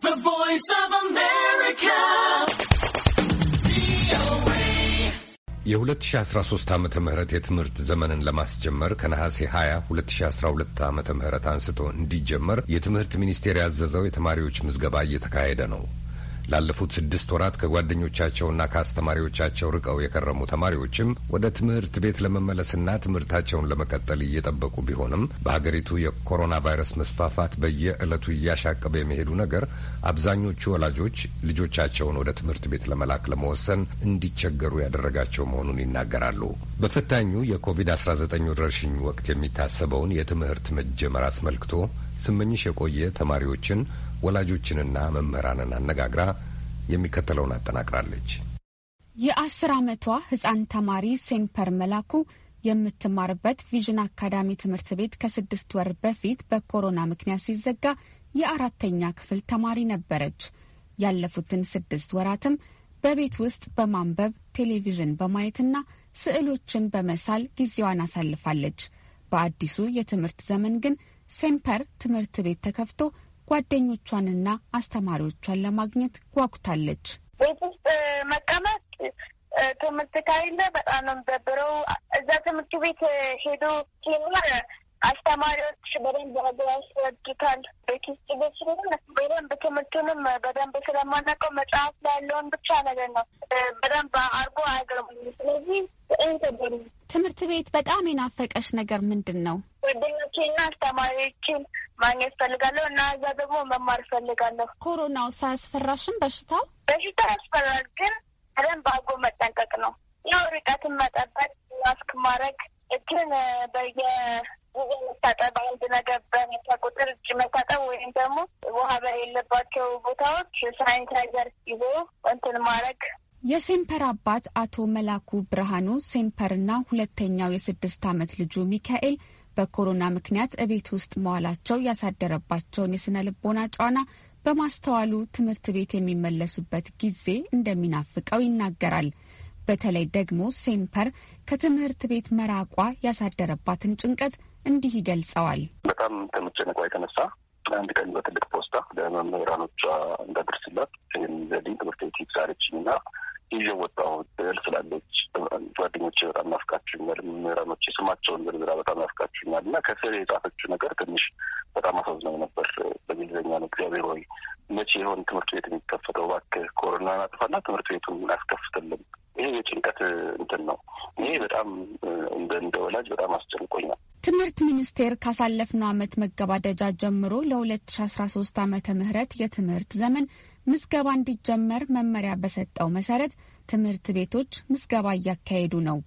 The Voice of America. የ2013 ዓ ምህረት የትምህርት ዘመንን ለማስጀመር ከነሐሴ 20 2012 ዓ ም አንስቶ እንዲጀመር የትምህርት ሚኒስቴር ያዘዘው የተማሪዎች ምዝገባ እየተካሄደ ነው። ላለፉት ስድስት ወራት ከጓደኞቻቸውና ከአስተማሪዎቻቸው ርቀው የከረሙ ተማሪዎችም ወደ ትምህርት ቤት ለመመለስና ትምህርታቸውን ለመቀጠል እየጠበቁ ቢሆንም በሀገሪቱ የኮሮና ቫይረስ መስፋፋት በየዕለቱ እያሻቀበ የመሄዱ ነገር አብዛኞቹ ወላጆች ልጆቻቸውን ወደ ትምህርት ቤት ለመላክ ለመወሰን እንዲቸገሩ ያደረጋቸው መሆኑን ይናገራሉ። በፈታኙ የኮቪድ-19 ወረርሽኝ ወቅት የሚታሰበውን የትምህርት መጀመር አስመልክቶ ስመኝሽ የቆየ ተማሪዎችን ወላጆችንና መምህራንን አነጋግራ የሚከተለውን አጠናቅራለች። የአስር ዓመቷ ህጻን ተማሪ ሴምፐር መላኩ የምትማርበት ቪዥን አካዳሚ ትምህርት ቤት ከስድስት ወር በፊት በኮሮና ምክንያት ሲዘጋ የአራተኛ ክፍል ተማሪ ነበረች። ያለፉትን ስድስት ወራትም በቤት ውስጥ በማንበብ ቴሌቪዥን በማየትና ስዕሎችን በመሳል ጊዜዋን አሳልፋለች። በአዲሱ የትምህርት ዘመን ግን ሴምፐር ትምህርት ቤት ተከፍቶ ጓደኞቿንና አስተማሪዎቿን ለማግኘት ጓጉታለች። ቤት ውስጥ መቀመጥ ትምህርት ካይለ በጣም ነው የሚደብረው። እዛ ትምህርት ቤት ሄዶ ሲማር አስተማሪዎች በደንብ ሀገር ያስረዱታል። ቤት ውስጥ በስሉም በደንብ ትምህርቱንም በደንብ ስለማናውቀው መጽሐፍ ላይ ያለውን ብቻ ነገር ነው በደንብ አርጎ አያገርሙ። ስለዚህ ትምህርት ቤት በጣም የናፈቀሽ ነገር ምንድን ነው? ጓደኞቼና አስተማሪዎችን ማግኘት ፈልጋለሁ እና እዛ ደግሞ መማር ፈልጋለሁ። ኮሮናው ሳያስፈራሽም በሽታው በሽታ ያስፈራል፣ ግን በደንብ በአጎ መጠንቀቅ ነው። ያው ርቀትን መጠበቅ፣ ማስክ ማድረግ፣ እጅን በየ ጊዜ መታጠብ፣ አንድ ነገር በመታ ቁጥር እጅ መታጠብ ወይም ደግሞ ውሃ በሌለባቸው ቦታዎች ሳኒታይዘር ይዞ እንትን ማድረግ የሴምፐር አባት አቶ መላኩ ብርሃኑ ሴምፐርና ሁለተኛው የስድስት ዓመት ልጁ ሚካኤል በኮሮና ምክንያት እቤት ውስጥ መዋላቸው ያሳደረባቸውን የስነ ልቦና ጫና በማስተዋሉ ትምህርት ቤት የሚመለሱበት ጊዜ እንደሚናፍቀው ይናገራል። በተለይ ደግሞ ሴምፐር ከትምህርት ቤት መራቋ ያሳደረባትን ጭንቀት እንዲህ ይገልጸዋል። በጣም ከመጨነቋ የተነሳ አንድ ቀን በትልቅ ፖስታ ለመምህራኖቿ እንዳደርስላት ይህም ዘዴ ትምህርት ቤት ይብዛለችኝ እና ይዤው ወጣሁት። እህል ስላለች ጓደኞቼ በጣም ናፍቃችሁኛል፣ መምህራኖቼ ስማቸውን ዝርዝራ በጣም ናፍቃችሁኛል እና ከስር የጻፈችው ነገር ትንሽ በጣም አሳዝነው ነበር። በእንግሊዝኛ ነው። እግዚአብሔር ሆይ መቼ ይሆን ትምህርት ቤት የሚከፈተው? እባክህ ኮሮና አጥፋና ትምህርት ቤቱን አስከፍትልም ይሄ የጭንቀት እንትን ነው። ይሄ በጣም እንደ ወላጅ በጣም አስጨንቆኛል። ትምህርት ሚኒስቴር ካሳለፍነው ዓመት መገባደጃ ጀምሮ ለ2013 ዓመተ ምህረት የትምህርት ዘመን ምዝገባ እንዲጀመር መመሪያ በሰጠው መሰረት ትምህርት ቤቶች ምዝገባ እያካሄዱ ነው።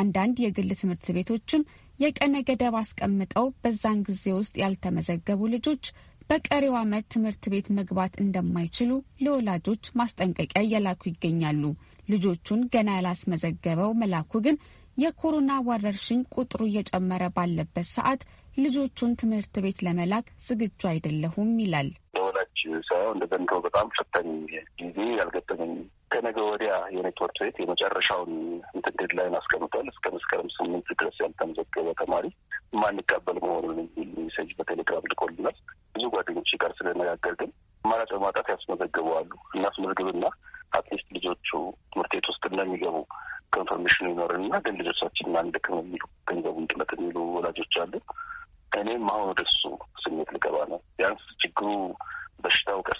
አንዳንድ የግል ትምህርት ቤቶችም የቀነ ገደብ አስቀምጠው በዛን ጊዜ ውስጥ ያልተመዘገቡ ልጆች በቀሪው ዓመት ትምህርት ቤት መግባት እንደማይችሉ ለወላጆች ማስጠንቀቂያ እየላኩ ይገኛሉ። ልጆቹን ገና ያላስመዘገበው መላኩ ግን የኮሮና ወረርሽኝ ቁጥሩ እየጨመረ ባለበት ሰዓት ልጆቹን ትምህርት ቤት ለመላክ ዝግጁ አይደለሁም ይላል። ለወላጅ ሰው እንደ ዘንድሮ በጣም ፈታኝ ጊዜ ያልገጠመኝ ከነገ ወዲያ የኔትወርክ ቤት የመጨረሻውን እንትን ዴድላይን አስቀምጧል። እስከ መስከረም ስምንት ድረስ ያልተመዘገበ ተማሪ ማንቀበል መሆኑን የሚል ሜሴጅ በቴሌግራም ልኮልናል። ብዙ ጓደኞች ጋር ስለነጋገር ግን አማራጭ በማጣት ያስመዘግበዋሉ። እናስመዝግብና አትሊስት ልጆቹ ትምህርት ቤት ውስጥ እንደሚገቡ ኮንፈርሜሽን ይኖርና ግን ልጆቻችንን አንልክም የሚሉ ገንዘቡ ጥለት የሚሉ ወላጆች አሉ። እኔም አሁን ወደሱ ስሜት ልገባ ነው። ቢያንስ ችግሩ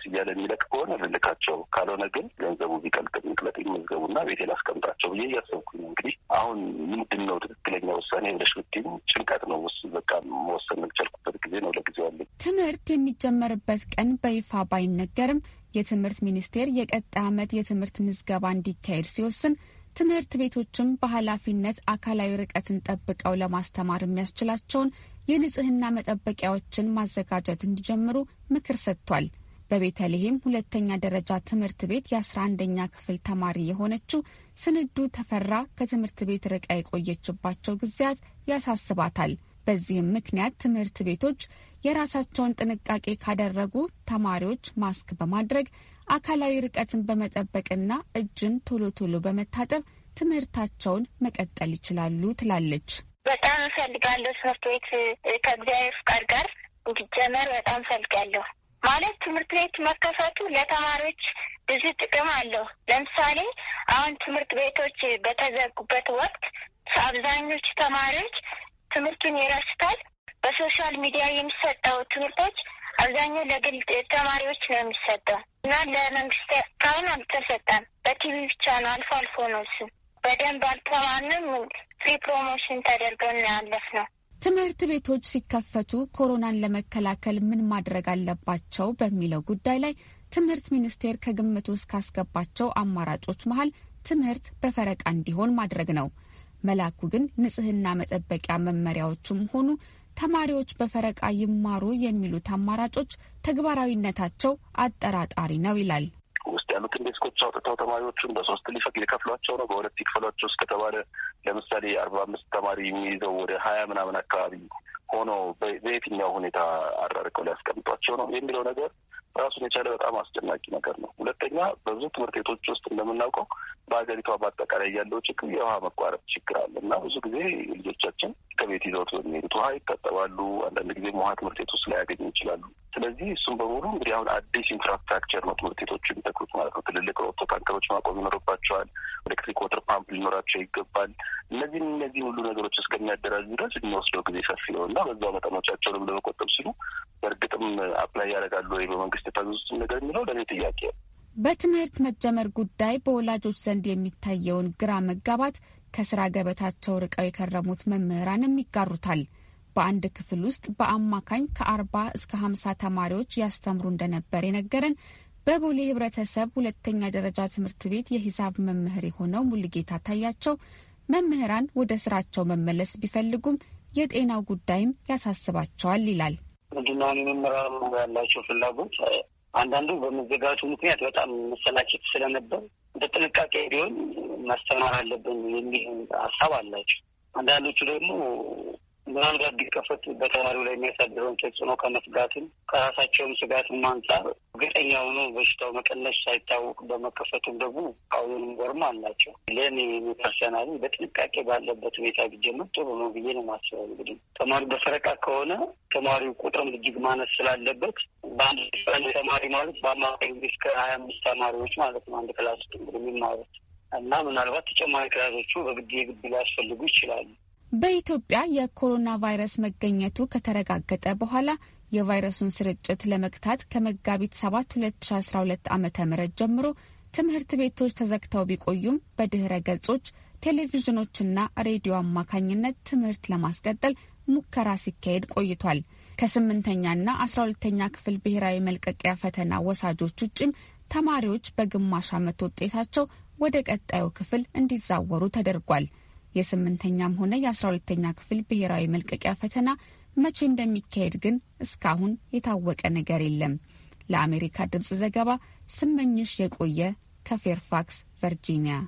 እያለ የሚለቅ ከሆነ ልልካቸው፣ ካልሆነ ግን ገንዘቡ ቢቀልጥ ምቅለጥ መዝገቡና ቤቴ ላስቀምጣቸው ብዬ እያሰብኩኝ እንግዲህ አሁን ምንድን ነው ትክክለኛ ውሳኔ ብለሽ ብትይኝ ጭንቀት ነው። ውስ በቃ መወሰን የምንቻልኩበት ጊዜ ነው ለጊዜው አለኝ። ትምህርት የሚጀመርበት ቀን በይፋ ባይነገርም የትምህርት ሚኒስቴር የቀጣይ ዓመት የትምህርት ምዝገባ እንዲካሄድ ሲወስን ትምህርት ቤቶችም በኃላፊነት አካላዊ ርቀትን ጠብቀው ለማስተማር የሚያስችላቸውን የንጽህና መጠበቂያዎችን ማዘጋጀት እንዲጀምሩ ምክር ሰጥቷል። በቤተልሔም ሁለተኛ ደረጃ ትምህርት ቤት የአስራ አንደኛ ክፍል ተማሪ የሆነችው ስንዱ ተፈራ ከትምህርት ቤት ርቃ የቆየችባቸው ጊዜያት ያሳስባታል። በዚህም ምክንያት ትምህርት ቤቶች የራሳቸውን ጥንቃቄ ካደረጉ ተማሪዎች ማስክ በማድረግ አካላዊ ርቀትን በመጠበቅና እጅን ቶሎ ቶሎ በመታጠብ ትምህርታቸውን መቀጠል ይችላሉ ትላለች። በጣም እፈልጋለሁ ትምህርት ቤት ከእግዚአብሔር ፍቃድ ጋር እንዲጀመር በጣም እፈልጋለሁ። ማለት ትምህርት ቤት መከፈቱ ለተማሪዎች ብዙ ጥቅም አለው። ለምሳሌ አሁን ትምህርት ቤቶች በተዘጉበት ወቅት አብዛኞቹ ተማሪዎች ትምህርቱን ይረስታል። በሶሻል ሚዲያ የሚሰጠው ትምህርቶች አብዛኛው ለግል ተማሪዎች ነው የሚሰጠው እና ለመንግስት ካሁን አልተሰጠም። በቲቪ ብቻ ነው፣ አልፎ አልፎ ነው እሱ። በደንብ አልተማንም። ፍሪ ፕሮሞሽን ተደርገን ያለፍ ነው ትምህርት ቤቶች ሲከፈቱ ኮሮናን ለመከላከል ምን ማድረግ አለባቸው በሚለው ጉዳይ ላይ ትምህርት ሚኒስቴር ከግምት ውስጥ ካስገባቸው አማራጮች መሀል ትምህርት በፈረቃ እንዲሆን ማድረግ ነው። መላኩ ግን ንጽህና መጠበቂያ መመሪያዎችም ሆኑ ተማሪዎች በፈረቃ ይማሩ የሚሉት አማራጮች ተግባራዊነታቸው አጠራጣሪ ነው ይላል። ከምክር ቤቶች አውጥተው ተማሪዎቹን በሶስት ሊፈቅ ሊከፍሏቸው ነው በሁለት ይክፈሏቸው እስከተባለ ለምሳሌ አርባ አምስት ተማሪ የሚይዘው ወደ ሀያ ምናምን አካባቢ ሆኖ በየትኛው ሁኔታ አራርቀው ሊያስቀምጧቸው ነው የሚለው ነገር ራሱን የቻለ በጣም አስጨናቂ ነገር ነው። ሁለተኛ በብዙ ትምህርት ቤቶች ውስጥ እንደምናውቀው በሀገሪቷ በአጠቃላይ ያለው ችግር የውሃ መቋረጥ ችግር አለ እና ብዙ ጊዜ ልጆቻችን ከቤት ይዘውት በሚሄዱት ውሃ ይታጠባሉ። አንዳንድ ጊዜ ውሃ ትምህርት ቤት ውስጥ ላያገኙ ይችላሉ። ስለዚህ እሱም በሙሉ እንግዲህ አሁን አዲስ ኢንፍራስትራክቸር ነው ትምህርት ቤቶቹ የሚጠቅሩት ማለት ነው። ትልልቅ ሮቶ ታንከሮች ማቆም ይኖርባቸዋል። ኤሌክትሪክ ወተር ፓምፕ ሊኖራቸው ይገባል። እነዚህም እነዚህ ሁሉ ነገሮች እስከሚያደራጁ ድረስ የሚወስደው ጊዜ ሰፊ ነው እና በዛ መጠኖቻቸውንም ለመቆጠብ ሲሉ በእርግጥም አፕላይ ያደርጋሉ ወይ በመንግስት የታዘዙትን ነገር የሚለው ለእኔ ጥያቄ ነው። በትምህርት መጀመር ጉዳይ በወላጆች ዘንድ የሚታየውን ግራ መጋባት ከስራ ገበታቸው ርቀው የከረሙት መምህራንም ይጋሩታል። በአንድ ክፍል ውስጥ በአማካኝ ከአርባ እስከ ሀምሳ ተማሪዎች ያስተምሩ እንደነበር የነገረን በቦሌ ህብረተሰብ ሁለተኛ ደረጃ ትምህርት ቤት የሂሳብ መምህር የሆነው ሙሉጌታ ታያቸው መምህራን ወደ ስራቸው መመለስ ቢፈልጉም የጤናው ጉዳይም ያሳስባቸዋል ይላል። ምንድነው የመምህራን ያላቸው ፍላጎት አንዳንዱ በመዘጋቱ ምክንያት በጣም መሰላቸት ስለነበር እንደ ጥንቃቄ ቢሆን ማስተማር አለብን የሚል ሀሳብ አላቸው። አንዳንዶቹ ደግሞ ምናልባት ቢከፈት በተማሪው ላይ የሚያሳድረውን ተጽዕኖ ከመስጋትም ከራሳቸውም ስጋትም አንጻር እርግጠኛ ሆኖ በሽታው መቀነስ ሳይታወቅ በመከፈቱም ደግሞ አሁንም ወርም አላቸው። ለእኔ ፐርሰናሊ በጥንቃቄ ባለበት ሁኔታ ቢጀምር ጥሩ ነው ብዬ ነው የማስበው። እንግዲህ ተማሪ በፈረቃ ከሆነ ተማሪው ቁጥርም እጅግ ማነስ ስላለበት በአንድ ተማሪ ማለት በአማካኝ እስከ ሀያ አምስት ተማሪዎች ማለት ነው አንድ ክላስ ውስጥ እንግዲህ የሚማሩት እና ምናልባት ተጨማሪ ክላሶቹ በግድ የግድ ሊያስፈልጉ ይችላሉ። በኢትዮጵያ የኮሮና ቫይረስ መገኘቱ ከተረጋገጠ በኋላ የቫይረሱን ስርጭት ለመግታት ከመጋቢት 7 2012 ዓ ም ጀምሮ ትምህርት ቤቶች ተዘግተው ቢቆዩም በድኅረ ገጾች ቴሌቪዥኖችና ሬዲዮ አማካኝነት ትምህርት ለማስቀጠል ሙከራ ሲካሄድ ቆይቷል። ከስምንተኛና አስራ ሁለተኛ ክፍል ብሔራዊ መልቀቂያ ፈተና ወሳጆች ውጭም ተማሪዎች በግማሽ ዓመት ውጤታቸው ወደ ቀጣዩ ክፍል እንዲዛወሩ ተደርጓል። የስምንተኛም ሆነ የአስራ ሁለተኛ ክፍል ብሔራዊ መልቀቂያ ፈተና መቼ እንደሚካሄድ ግን እስካሁን የታወቀ ነገር የለም። ለአሜሪካ ድምፅ ዘገባ ስመኝሽ የቆየ ከፌርፋክስ ቨርጂኒያ